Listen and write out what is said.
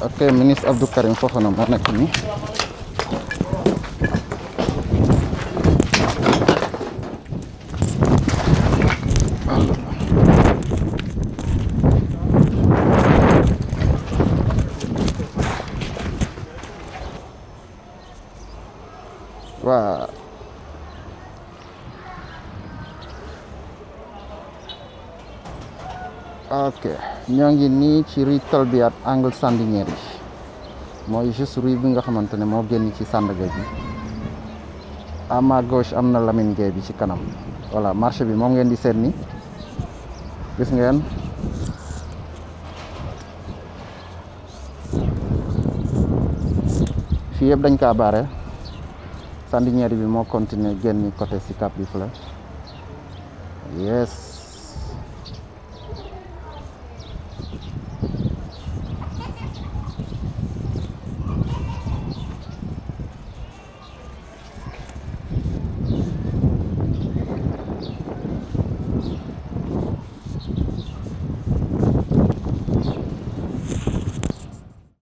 Oke, ministre Abdul Karim Fofana moo ini. Wah. Oke. ok ñoo ni nii ci bi at angle Sandiniéry mo juste suri bi nga xamantene mo genn génn ci Sandaga bi ama gauche am Lamine ge bi ci kanam wala marché eh. bi ngeen di seet ni gis ngeen fi yeb dañ kaa baare Sandiniéry bi mo continuer côté bi yes